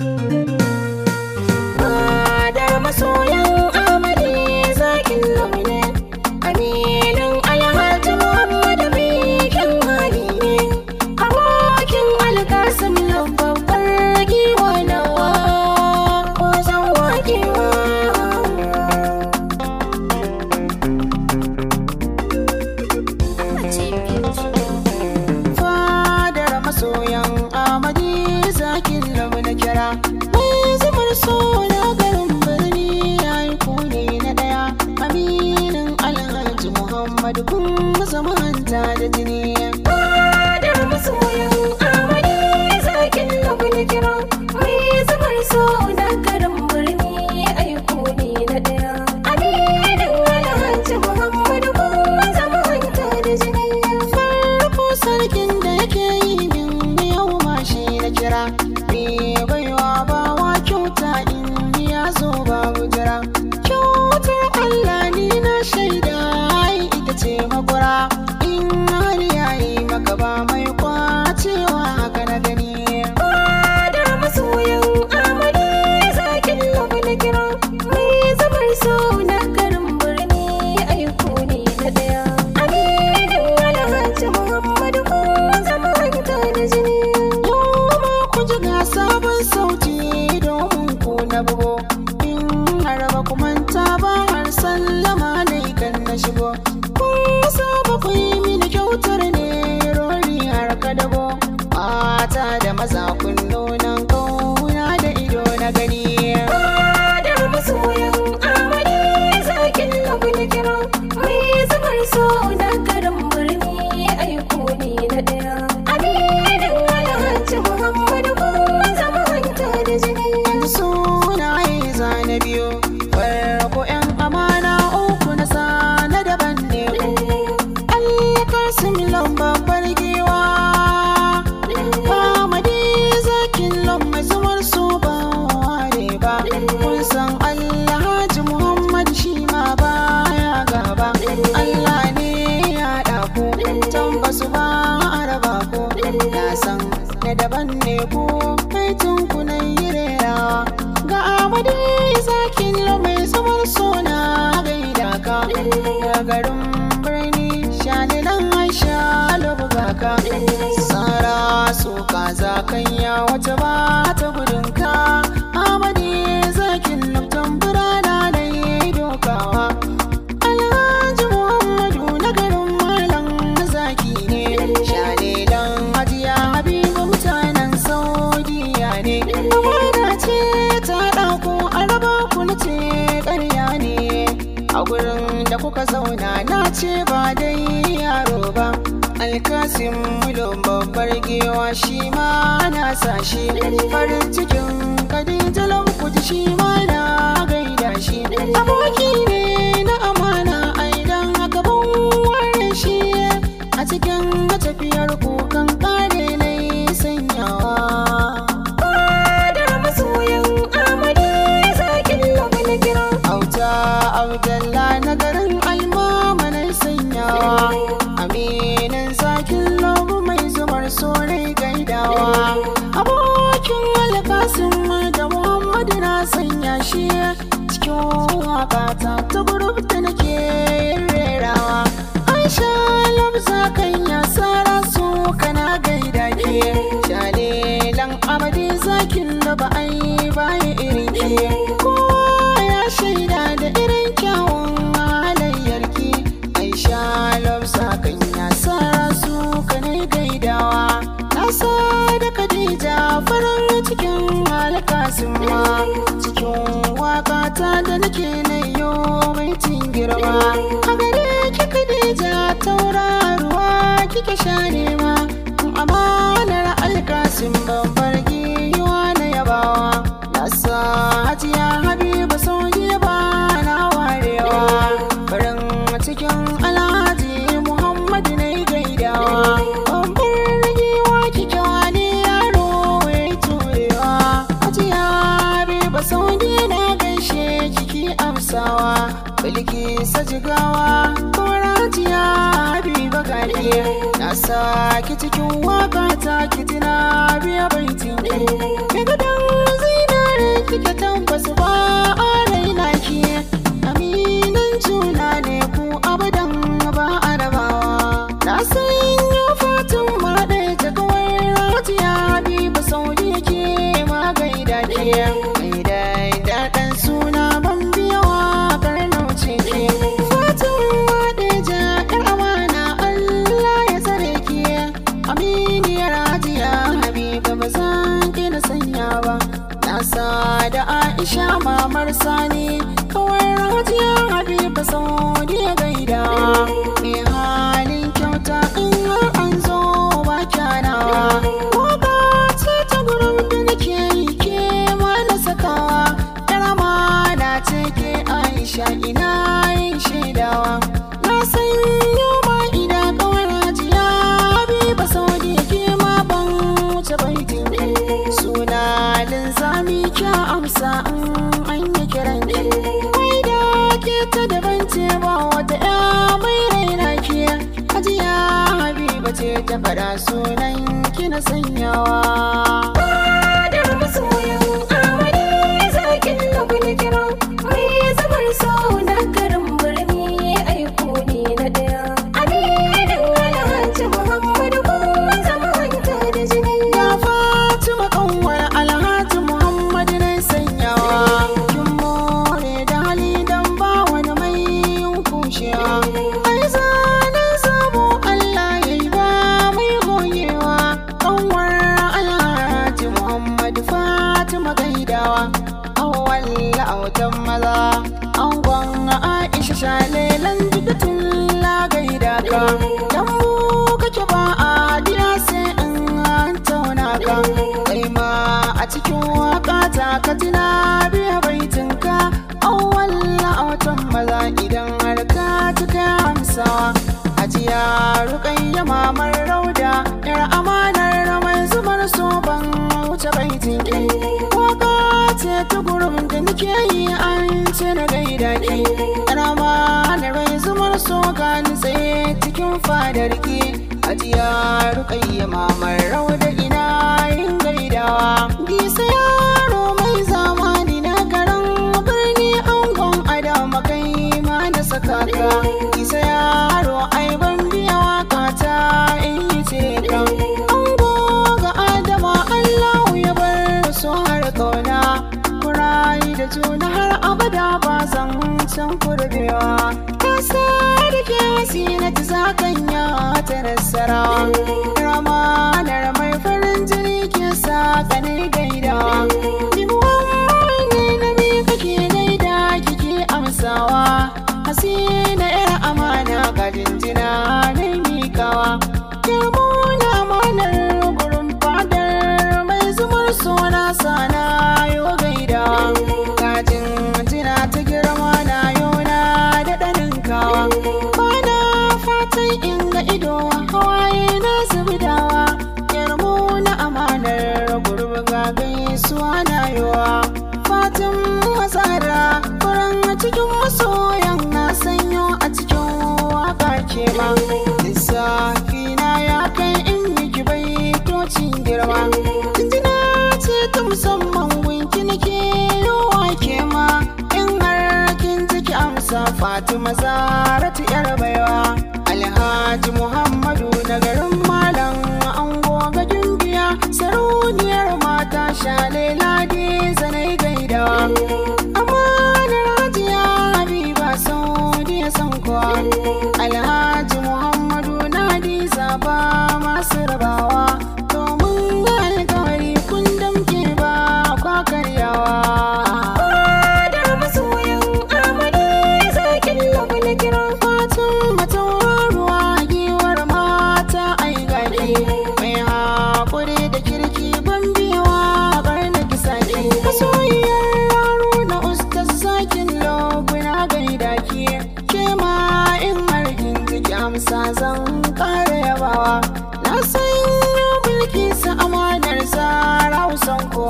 thank you zaman kaza kanya wata ba ta gudunka amadi zakin lantan burada da yi dokawa alhaji muhammadu na garin malam zaki ne shalilan hajiya habibu mutanen saudiya ne amana ce ta ɗauko araba na ce ƙarya ne a gurin da kuka zauna na ce ba dai yaro ba alkasim mulo babbar gewa shi ma na sa shi farin cikin kadin talon kudi shi ma na gaida shi ke na yo mai girma a gare ki kadija tauraruwa kike share to sha kayyama mai rau da ina yin gaidawa bisa yaro mai zamani na garin birni angon adama kai ma da sakaka isa yaro ai ban biya waka ta in yi teka ango ga adama allahu ya bar su har kauna kurayi da juna har abada ba zan san kurbewa ka da ke hasi na ta zakan ta nasarawa amanar mai farin jini ke sa kanai gaida. Ramazan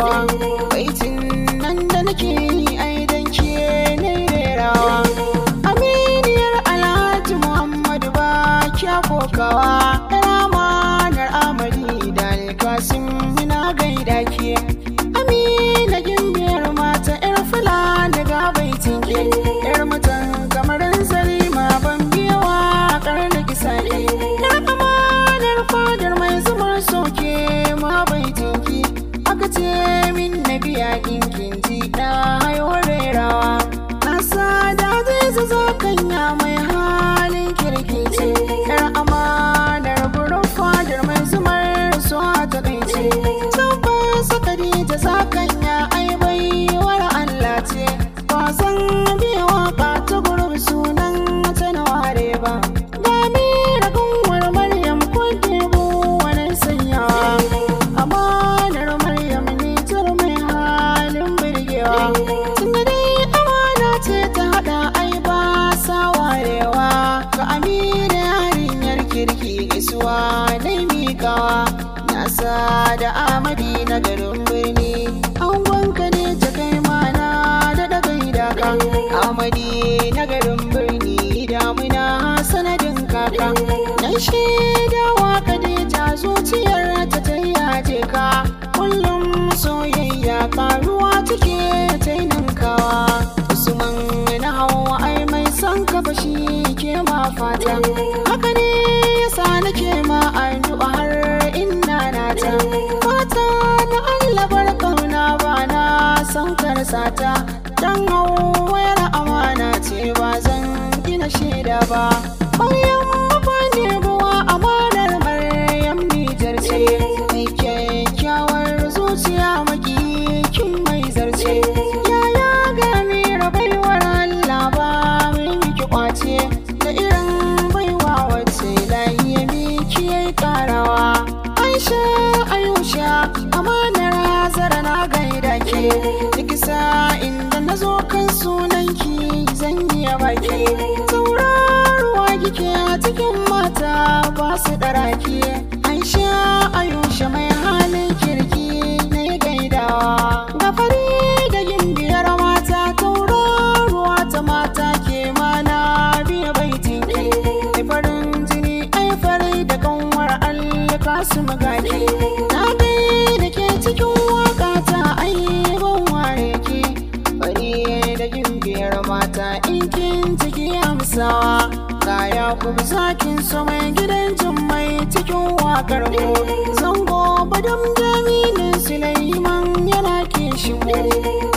rawa nan da nake yi ai dan ke ne rawa aminiyar alhaji muhammadu ba kya kokawa na garin birni an wanka ne jakai mana da dagai amadi na garin birni damina sanadin kaka nan shaida waka da zuciyar ta ta yaje ka kullum soyayya karuwa take ta ninkawa usman na hawa ai mai son ka bashi ke ma fata mata dan hau wayar amana ce ba zan gina shaida ba masu ɗaraki an sha ayushe mai halin kirki na gaidawa ga fari da gindiyar mata tauraruwa ta mata ke mana biya baitin ai farin jini ai fari da kanwar allaka su magani na dai da ke cikin waka ta ai ban ware ki fari da gindiyar mata in kin ciki amsawa ga ya kuma zakin so mai a zango badam jamilin sulaiman yana kishin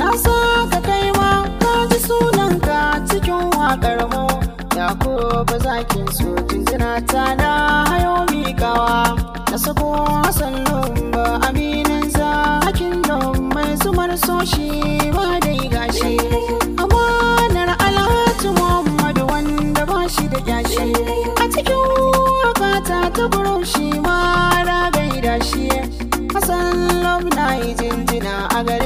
na sa ka kai ma ka ji sunanka cikin wakar mu ko ba zakin so jinjina ta na hayo na sako hasan ba aminin za hakin nan mai zumar soshi ba dai gashi ta gurin shi ma na gaida shi Hassan lom na yi jinjina a gari